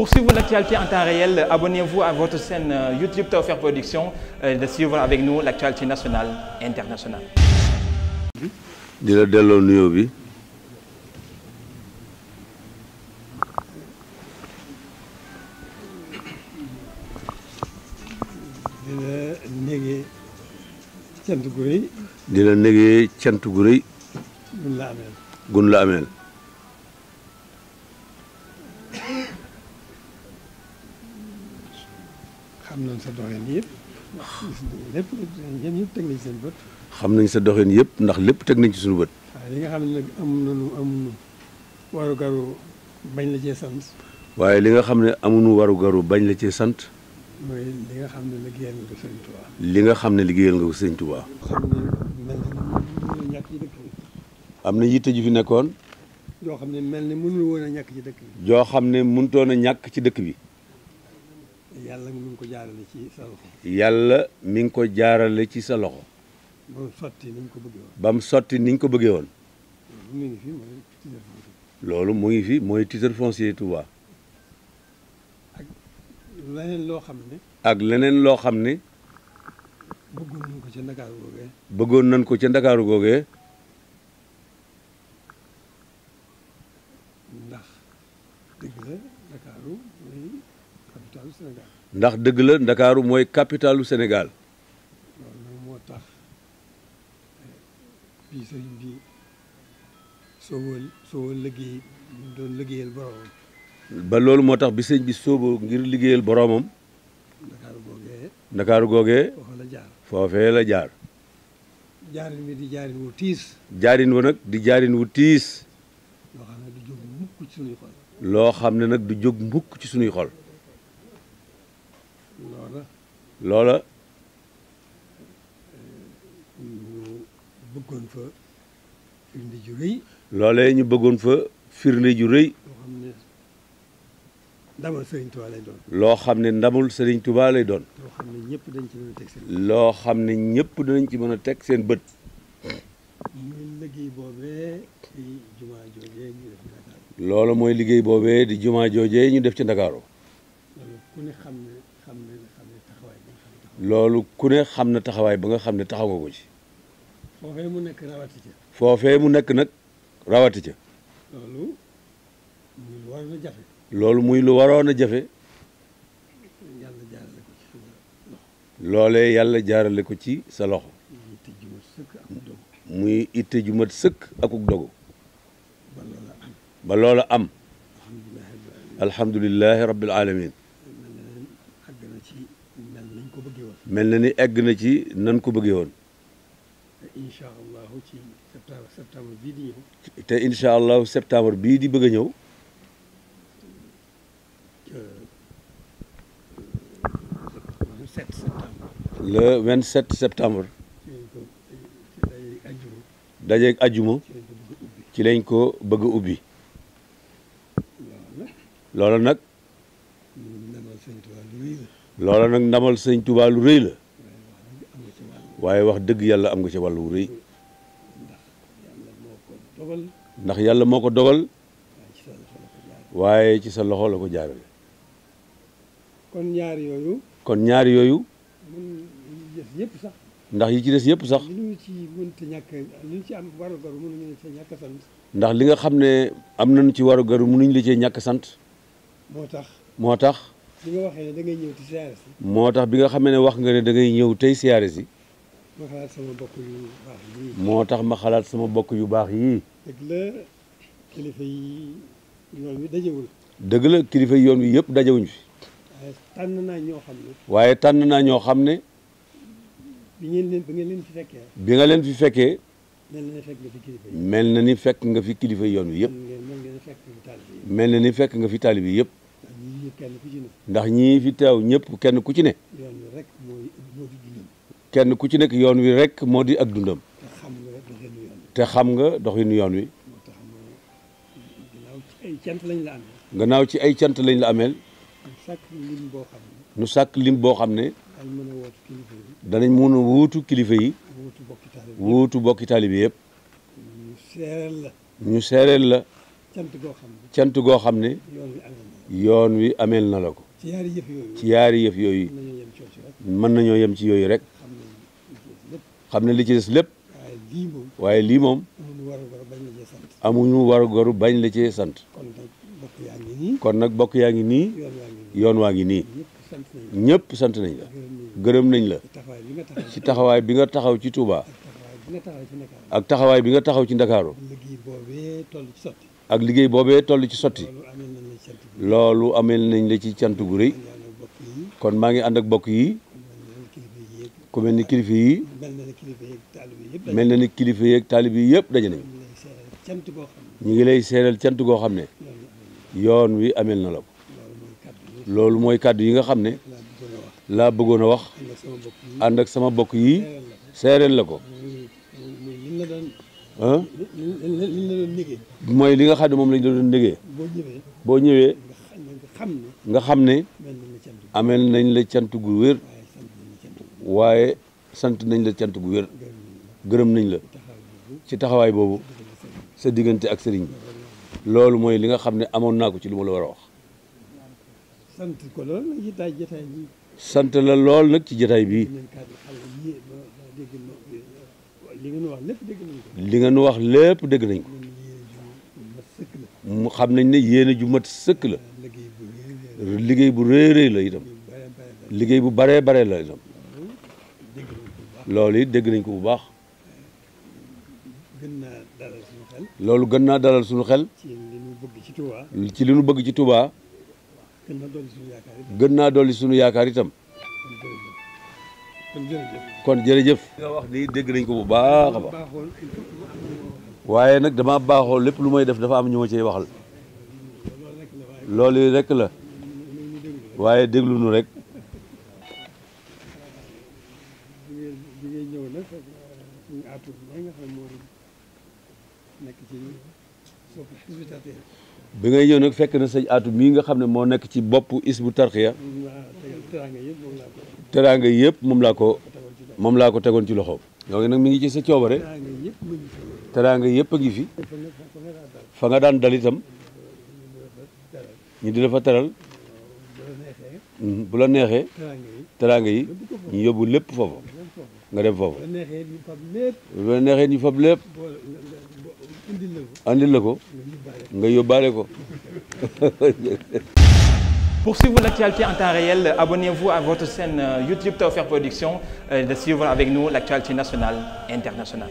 Pour suivre l'actualité en temps réel, abonnez-vous à votre chaîne euh, YouTube Tawfekh Production et euh, de suivre avec nous l'actualité nationale et internationale. di la delloo nuyoo bi di la négee cant gu rëy di la négee cant gu rëy gun la ameel gun la ameel xam nañ sa doxin yëpp seen bët. xam nañ sa doxin yëpp ndax lépp teg nañ ci suñu bët. waaye li nga xam ne nag am nañu am warugaru bañ la cee sant. waaye li nga xam ne amuñu warugaru bañ la cee sant. mooy li nga xam ne liggéeyal nga ko sëñ Touba. li nga xam ne liggéeyal nga ko sëñ Touba. am na yitte ju fi nekkoon. joo xam ne mel ni mënul woon a ci dëkk joo xam ne mënutoon a ñàkk ci dëkk bi. yàlla mu ngi ko jaarale ci sa loxo. yàlla mi ngi ko jaarale ci sa loxo. ba sotti ni ñu ko bëggee woon. ni ñu ko bëggee woon. loolu mu ngi fii mooy titre foncier Touba. ak leneen loo xam ne. ak leneen loo xam ne. bëggoon nañ ko ca Ndakaaru nañ ko ca Ndakaaru googee. ndax dëgg ndax dëgg la ndakaaru mooy capitalu Sénégal. loolu tax eh, bi sëriñ ba loolu moo tax bi sëriñ bi sooboo ngir liggéeyal boroomam. ndakaaru googee. ndakaaru foofee la jaar jaarin bi di jaarin wu tiis. jaarin wu nag di jaarin wu tiis. loo xam ne nag du jóg mukk ci sunuy xol. loola ñu bëggoon fa firnde ju rëy loolee ñu bëggoon fa firnde ju rëy ndamal Serigne Touba lay loo xam ne ndamul Serigne Touba lay doon. loo xam ne ñëpp dañ ci mën a teg seen bët. loo xam ne ñëpp danañ ci mën a teg seen bët. muy mooy liggéey boobee di juma joojee ñu def ci Ndakaaru. loolu ku ne xam na taxawaay ba nga xam ne taxaw nga ko ci. foofee mu nekk rawati ca. foofee mu nekk nag rawati ca. loolu muy lu waroon a jafe. loolu muy lu waroon a jafe. loolee yàlla jaarale ko ci sa loxo. muy itte ju mat sëkk akuk dogo ba loola am. alhamdulilahi rabbil alamin mel na ni egg na ci nan ko bëggee woon. incha allahu ci septembre septembre bii di ñëw. te incha allahu septembre bii di bëgg a ñëw. le 27 ajuma ci lañ ko bëgg a ubbi loolu nag. loola nag ndamal sëñ Tuubaa lu la waaye wax dëgg yàlla am nga ci wàllu rëy ndax yàlla moo ko dogal waaye ci sa loxo la ko jaarale kon ñaar yooyu kon ñaar yooyu yëpp sax ndax yi ci des yëpp sax li ndax li nga xam ne am nañu ci war garu mënuñu la cee ñàkk sant moo moo tax bi nga waxee ne da ñëw moo tax bi nga xamee ne wax nga ne da ngay ñëw tey siyaare si. ma xalaat moo tax ma xalaat sama bokk yu baax yii. dëgg la kilifa yi yoon wi dajewul. dëgg kilifa yoon wi yëpp dajewuñ fi. waaye tànn naa ñoo xam ne. waaye tànn naa ñoo xam ne. bi ngeen leen bi ngeen leen fi fekkee. bi nga leen fi fekkee. mel na ni fekk nga fi kilifa yi. na ni fekk nga fi kilifa yoon wi yëpp. mel na ni fekk nga fi taalibi yëpp. ndax ñi fi teew ñëpp kenn ku ci ne. ku ci nekk yoon wi rek moo di ak dundam. te xam nga doxinu yoon wi. gannaaw ci ay cant lañ la ameel. nu sàkk lim boo xam ne. danañ mun wuutu kilifa yi. wuutu bokki taalibi yëpp. ñu seereel la. cant goo xam ne goo xam ne yoon wi ameel na la ko ci yaari yëf yooyu mën nañoo yem ci yooyu rek xam ne li ci des lépp waaye lii moom amuñu war goru bañ la ci sant kon nag bokk yaa ngi nii yoon waa ngi nii ñëpp sant nañ la gërëm nañ la ci taxawaay bi nga taxaw ci Touba ak taxawaay bi nga taxaw ci Ndakaaru ak liggéey boobee toll ci sotti loolu amel nañ la ci cant gu rëy kon maa ngi ànd ak bokk yi ku ni kilifa yi mel na ni kilifa yeeg taalib yi yëpp daje nañ ñu ngi lay seeral cant goo xam ne yoon wi amel na la ko loolu mooy kàddu yi nga xam ne laa bëggoon a wax ànd ak sama bokk yi seeral la ko mooy li nga xam ne moom lañ doon liggéey. boo ñëwee. boo ñëwee. nga xam ne. ameel nañ la cant gu wér. waaye sant nañ la cant gu wér. gërëm nañ la. ci taxawaay boobu. sa diggante ak sëriñ loolu mooy li nga xam ne amoon naa ko ci lu ma la wax. sant ko lool nag la lool nag ci jotaay bi. li nga nu wax lépp dégg nañ ko. wax lépp dégg nañ ko. mu xam nañ ne yéene ju mat sëkk la. liggéey bu rëy rëy la itam. liggéey bu baree baree la itam. loolu it dégg nañ ko bu baax. loolu gën naa dalal suñu xel. ci li ñu bëgg ci Touba. gën naa dolli sunu yaakaar itam. kon jërëjëf kon jërëjëf. li nii dégg nañ ko bu baax a waaye nag dama baaxoo lépp lu may def dafa am ñu ma cay waxal. loolu rek la. waaye déglu nu rek. bi ñëw nag ba ngay ñëw nag fekk na sëñ Atou mii nga xam ne moo nekk ci bopp Hizbut Tarqiyyah teraanga yëpp moom laa ko moom laa ko tegoon ci loxo yow nag mi ngi ci sa coobare teraanga yëpp a ngi fi fa nga daan dal itam ñu di la fa teral hmm, bu la neexee teraanga yi ñu yóbbu lépp foofu nga dem foofu bu la neexee ñu fab lépp andil la ko nga yóbbaale ko Pour suivre l'actualité en temps réel, abonnez-vous à votre chaîne euh, YouTube Tawfekh Production euh, et de suivre avec nous l'actualité nationale et internationale.